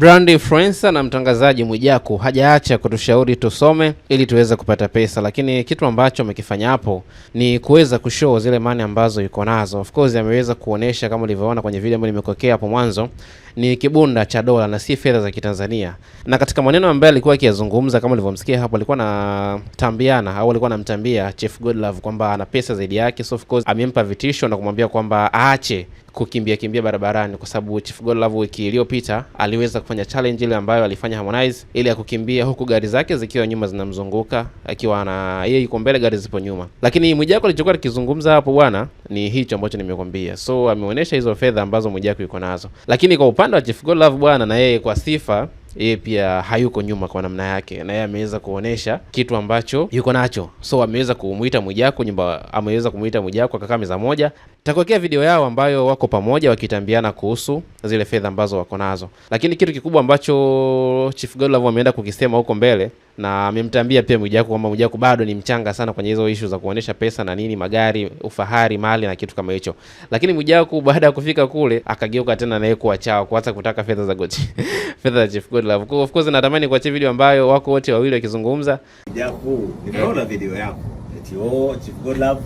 brand Influencer na mtangazaji Mwijaku hajaacha kutushauri tusome ili tuweze kupata pesa, lakini kitu ambacho amekifanya hapo ni kuweza kushow zile mani ambazo yuko nazo. Of course ameweza kuonesha kama ulivyoona kwenye video ambayo nimekokea hapo mwanzo, ni kibunda cha dola na si fedha za Kitanzania. Na katika maneno ambayo alikuwa akiyazungumza, kama ulivyomsikia hapo, alikuwa tambiana au alikuwa anamtambia Chief Godlove kwamba ana pesa zaidi yake, so of course amempa vitisho na kumwambia kwamba aache kukimbia kimbia barabarani, kwa sababu Chief love wiki iliyopita aliweza kufanya challenge ile ambayo alifanya Harmonize ili ya kukimbia huku gari zake zikiwa nyuma zinamzunguka akiwa na yeye yuko mbele, gari zipo nyuma. Lakini mwijako alichokuwa akizungumza hapo bwana ni hicho ambacho nimekwambia, so ameonyesha hizo fedha ambazo mwijako yuko nazo. Lakini kwa upande wa Chief love bwana, na yeye kwa sifa yeye pia hayuko nyuma kwa namna yake, na yeye ameweza kuonesha kitu ambacho yuko nacho. So ameweza kumwita mwijako nyumba, ameweza kumwita mwijako akakaa meza moja, Nitakuwekea video yao ambayo wako pamoja wakitambiana kuhusu zile fedha ambazo wako nazo. Lakini kitu kikubwa ambacho Chief Godlove ameenda kukisema huko mbele na amemtambia pia Mwijaku kwamba Mwijaku bado ni mchanga sana kwenye hizo issue za kuonesha pesa na nini, magari, ufahari, mali na kitu kama hicho. Lakini Mwijaku baada ya kufika kule akageuka tena naye kuwa chao, kuanza kutaka fedha za goti fedha za Chief Godlove. Of course natamani kuachia video ambayo wako wote wawili wakizungumza. Mwijaku, nimeona video yako. Eti oh, Chief Godlove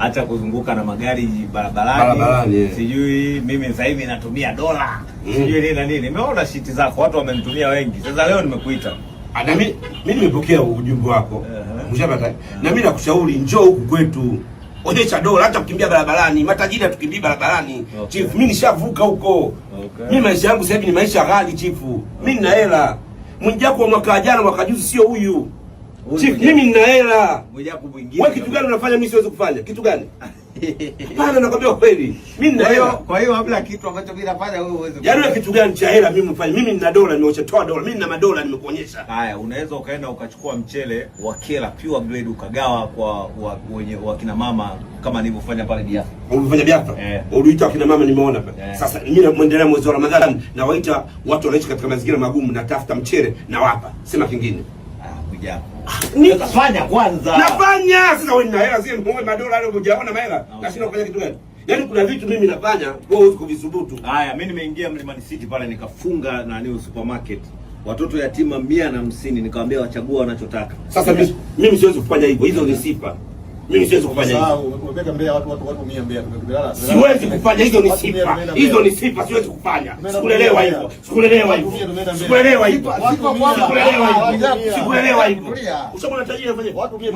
hata kuzunguka na magari barabarani, sijui mimi sasa hivi natumia dola mm. sijui nini na nini. Nimeona shiti zako watu wamenitumia wengi, sasa leo nimekuita ah, na mimi nimepokea ujumbe wako uh -huh. uh -huh. na mimi nakushauri njoo huku kwetu onyesha dola, hata kukimbia barabarani. Matajiri hatukimbii barabarani okay. Chief, mimi nishavuka huko okay. Mimi maisha yangu sasa hivi ni maisha ghali chifu okay. Mimi nina hela mwinjako wa mwaka jana mwaka juzi sio huyu Chief, mimi nina hela. mwingine. Wewe kitu gani unafanya mimi siwezi kufanya? Kitu gani? Hapana, nakwambia kweli. Mimi nina hela. Kwa hiyo hamna kitu ambacho bila fanya wewe uweze. Yaani wewe kitu gani cha hela mimi mfanye? Mimi nina dola nimeochotoa dola. Mimi nina madola nimekuonyesha. Haya, unaweza ukaenda ukachukua mchele wa kela pure grade ukagawa kwa wenye wa, kina mama kama nilivyofanya pale bia. Ulifanya bia? Eh. Uliita kina mama nimeona pale. Eh. Sasa mimi na muendelea mwezi wa Ramadhani na waita watu wanaishi katika mazingira magumu na tafuta mchele na wapa. Sema kingine. Japo. Ah, kwanza. Nafanya sasa wewe hela zile madola leo hujaona mahela. Ah, na sina kufanya kitu gani? Yaani kuna vitu mimi nafanya wewe huwezi Haya, mimi nimeingia Mlimani City pale nikafunga na supermarket. Watoto yatima mia na hamsini nikawambia wachagua wanachotaka. Sasa mimi siwezi kufanya hivyo. Hizo ni sifa mimi siwezi kufanya hizo. Siwezi kufanya hizo, ni sifa hizo, ni sifa, siwezi kufanya. Sikuelewa hivyo, sikuelewa hivyo, sikuelewa hivyo, sikuelewa hivyo. Ushaona tajiri afanye watu mia.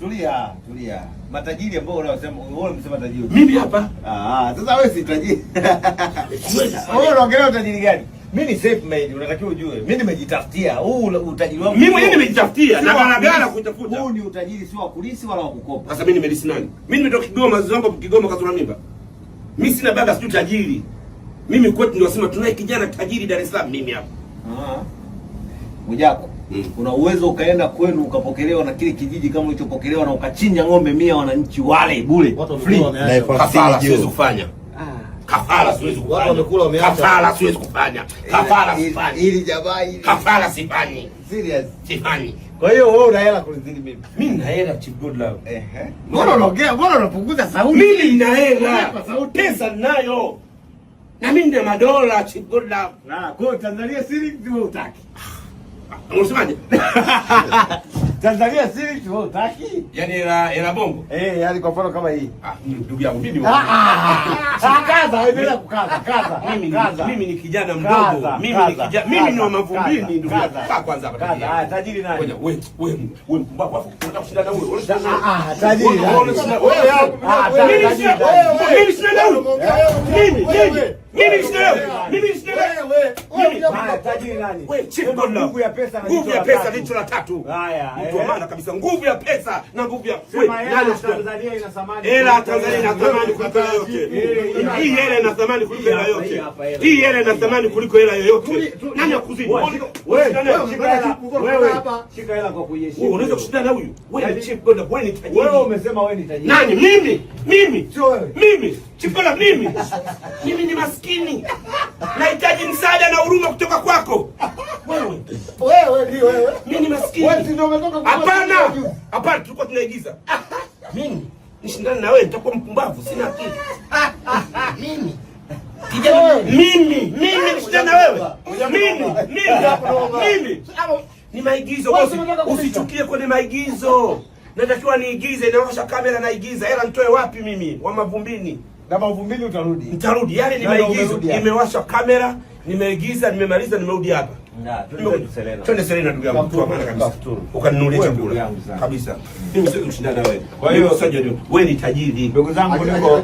Tulia, tulia. Matajiri ambao unasema wewe unasema tajiri. Mimi hapa. Ah, sasa wewe si tajiri. Wewe unaongelea utajiri gani? Mimi ni self made, unatakiwa ujue. Mimi nimejitafutia. Huu utajiri wangu. Mimi mwenyewe nimejitafutia. Na gana gana kutafuta. Huu ni utajiri sio wa kulisi wala wa kukopa. Sasa mimi nimelisi nani? Mimi nimetoka Kigoma, wazazi wangu Kigoma kazura mimba. Mimi sina baba sio tajiri. Mimi kwetu ndio wasema tunaye kijana tajiri Dar es Salaam mimi hapa. Ah. Mujako. Mm. Una uwezo ukaenda kwenu ukapokelewa na kile kijiji kama ulichopokelewa na ukachinja ng'ombe mia wananchi wale bure. Watu wameacha. Hasara siwezi kufanya kafara siwezi kufanya, wamekula wameacha, kafara siwezi kufanya, eh, kafara eh, sifanyi, ili jamaa hili kafara sifanyi, serious sifanyi. Kwa hiyo wewe una hela kulizidi mimi, mimi nina hela Chief good love. Ehe, mbona unaongea, mbona unapunguza sauti? Mimi nina hela kwa sauti, pesa ninayo na mimi ndio madola Chief good love. Na ah, kwa Tanzania siri wewe utaki, unasemaje? Tanzania siri tu hutaki. Yaani era era bongo. Eh, yaani kwa mfano kama hii. Ah, ndugu yangu mimi. Ah, ah, ah. kaza, endelea kukaza, kaza. Mimi kaza. mimi ni kijana mdogo. Mimi ni kijana. Mimi ni wa mavumbini ndugu yangu. Kwanza hapa. Kaza, ah, tajiri nani? Ngoja, wewe wewe wewe mpumbavu hapo. Unataka kushinda na wewe. Ah, tajiri. Wewe wewe. Mimi sina wewe. Mimi sina wewe. Mimi mimi. Mimi sina wewe. Mimi Nguvu ya pesa jicho la tatu, mtu wa eh. maana kabisa. Nguvu ya pesa na nguvu ya Tanzania ina Tanzania ina thamani kuliko hela yote. Hii hela ina thamani kuliko hela yote. Hii hela ina thamani kuliko hela yoyote. Nani akuzidi unaweza kushindana na huyu? Yaani, wewe umesema wewe ni tajiri. Nani? Mimi mimi mimi mimi ni maskini nahitaji msaada na huruma kutoka kwako. Wewe wewe ndio wewe, mimi ni maskini. Wewe ndio umetoka. Hapana, hapana, tulikuwa tunaigiza. Mimi nishindane na wewe, nitakuwa mpumbavu, sina akili mimi kijana, mimi mimi nishindane na wewe, mimi mimi mimi ni maigizo. Usichukie kwenye maigizo, natakiwa niigize, inaosha kamera, naigiza. Hela nitoe wapi mimi wa mavumbini? na Mvumili utarudi. Nitarudi. Yaani, yaani nimeigiza, nimewasha kamera, nimeigiza, nimemaliza, nimerudi hapa. Twende Serena ndugu yangu, kwa maana kabisa. Ukaninunulia chakula kabisa. Mm. Mimi siwezi kushindana wewe. Kwa hiyo sasa wewe ni tajiri. Ndugu zangu niko.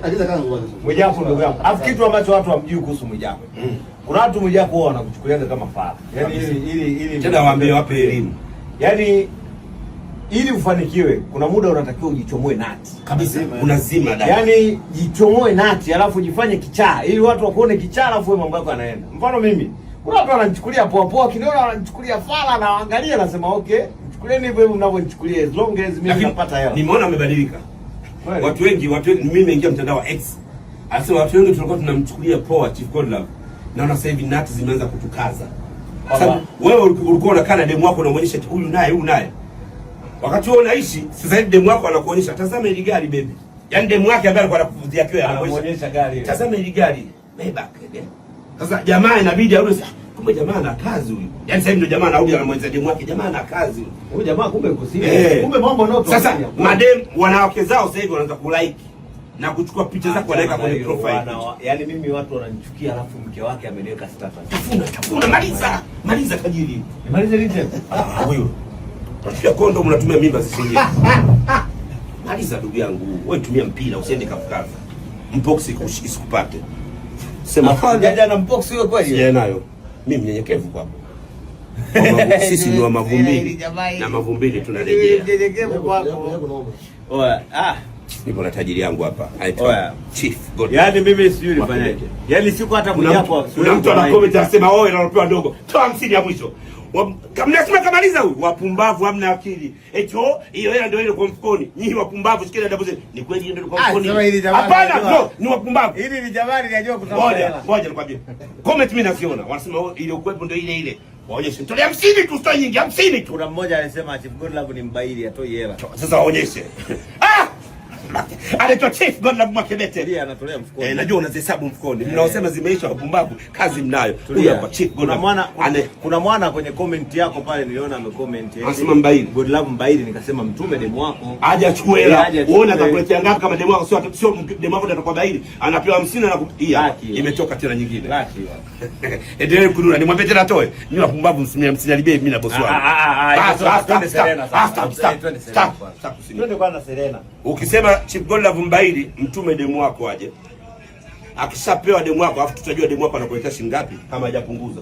Mwijaku ndugu yangu. Afu kitu ambacho watu hamjui kuhusu Mwijaku. Mm. Kuna watu Mwijaku wao wanakuchukulia kama fara. Yaani ili ili tena waambie wape elimu. Yaani ili ufanikiwe, kuna muda unatakiwa ujichomoe nati kabisa, unazima dada, yani yaani, jichomoe nati alafu jifanye kichaa, ili watu wakuone kichaa, alafu wewe mambo yako yanaenda. Mfano mimi, kuna watu wananichukulia poa poa, kidogo wananichukulia fala, na waangalia, nasema okay, chukulieni hivyo hivyo mnavyonichukulia, as long as mimi napata hela. Nimeona amebadilika watu wengi, watu wengi. Mimi nimeingia mtandao wa X, asema watu wengi tulikuwa tunamchukulia poa Chief Godlove, naona sasa hivi nati zimeanza kutukaza. Wewe ulikuwa unakaa na demu wako, unaonyesha huyu naye huyu naye Wakati wewe unaishi sasa hivi demu wako anakuonyesha, tazama ile gari bebe, yani demu wake ambaye alikuwa anakuvutia kile anakuonyesha gari. Tazama ile gari. Maybach. Sasa jamaa inabidi arudi ah, Kumbe jamaa ana kazi huyu. yani sasa hivi ndio jamaa anarudi anamwenza demu wake, jamaa ana kazi huyu. jamaa kumbe yuko serious. Eh. Kumbe mambo ndio. Sasa madem wanawake zao sasa hivi wanaanza kulike na kuchukua picha zako wanaweka kwenye profile. Yaani mimi watu wananichukia, alafu mke wake ameniweka status. Tafuna, tafuna, maliza. Maliza tajiri. Maliza lini tena? Ah, huyo. Nafikia kondo mnatumia mimba zisije. Maliza ndugu yangu, wewe tumia mpira usiende kafukafu. Mpox isikupate. Sema fanya jana mpox wewe kweli? Yeye nayo. Mimi mnyenyekevu kwako. Sisi ni wa mavumbili. Na mavumbili tunarejea. Mnyenyekevu kwako. Oya, ah. Nipo na tajiri yangu hapa. Oya. Chief God. Yaani mimi sijui nifanyaje. Yaani siku hata hapo. Kuna mtu ana comment anasema wewe oh, unalopewa ndogo. Toa 50 ya mwisho. Mnasema kamaliza huyu wapumbavu, hamna akili. Eti oh, hiyo hela ndio ile kwa mfukoni. Nyinyi wapumbavu, sikia adabu zenu. Ni kweli ndio kwa ah, mfukoni? Hapana, no, ni wapumbavu. Hili ni jamani linajua kutafuta hela. Ngoja, ngoja nikwambie. Comment mimi naziona. Wanasema oh, ile ukwepo ndio ile ile. Waonyeshe. Tolea 50 tu, sio nyingi, 50 tu. Kuna mmoja alisema Chief Godlove ni mbaili, atoi hela. Sasa waonyeshe. Ah, Anaitwa Chief Godlove Mwakibete. Ndiye anatolea mfukoni. Eh, najua unazihesabu mfukoni. Eh. Mnaosema zimeisha wapumbavu, kazi mnayo. Huyu hapa Chief Godlove. Mwana kuna mwana kwenye comment yako pale niliona amecomment. Anasema Mbaili. Godlove Mbaili nikasema mtume demu wako. Aje achukue hela. Uone atakuletea ngapi kama demu wako sio sio demu wako atakuwa Mbaili. Anapewa 50 na kupia. Imetoka tena nyingine. Endelee kununa. Nimwambie tena atoe. Ni wapumbavu msimia msinalibie mimi na bosi wangu. Ah ah ah. ah twende Serena sasa. Twende kwa na Serena. Ukisema Goodlove vumbairi mtume demu wako aje, akishapewa demu wako afu tutajua demu wako anakuletea shilingi ngapi, kama hajapunguza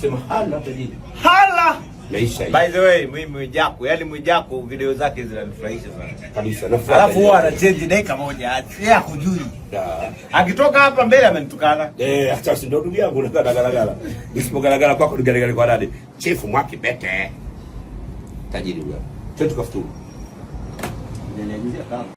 sema hala tajiri hala Meisha. By the way, mimi Mwijaku, yaani Mwijaku video zake zinanifurahisha sana. Kabisa. Nafuata. Alafu huwa change dakika moja. Yeye hakujui. Akitoka hapa mbele amenitukana. Eh, acha si ndo ndugu yangu unakaa galagala. nisipo galagala kwako ni galagala kwa nani? Chief Mwaki Bete. Tajiri huyo. Twende tukafuturu. Ndio ndio kama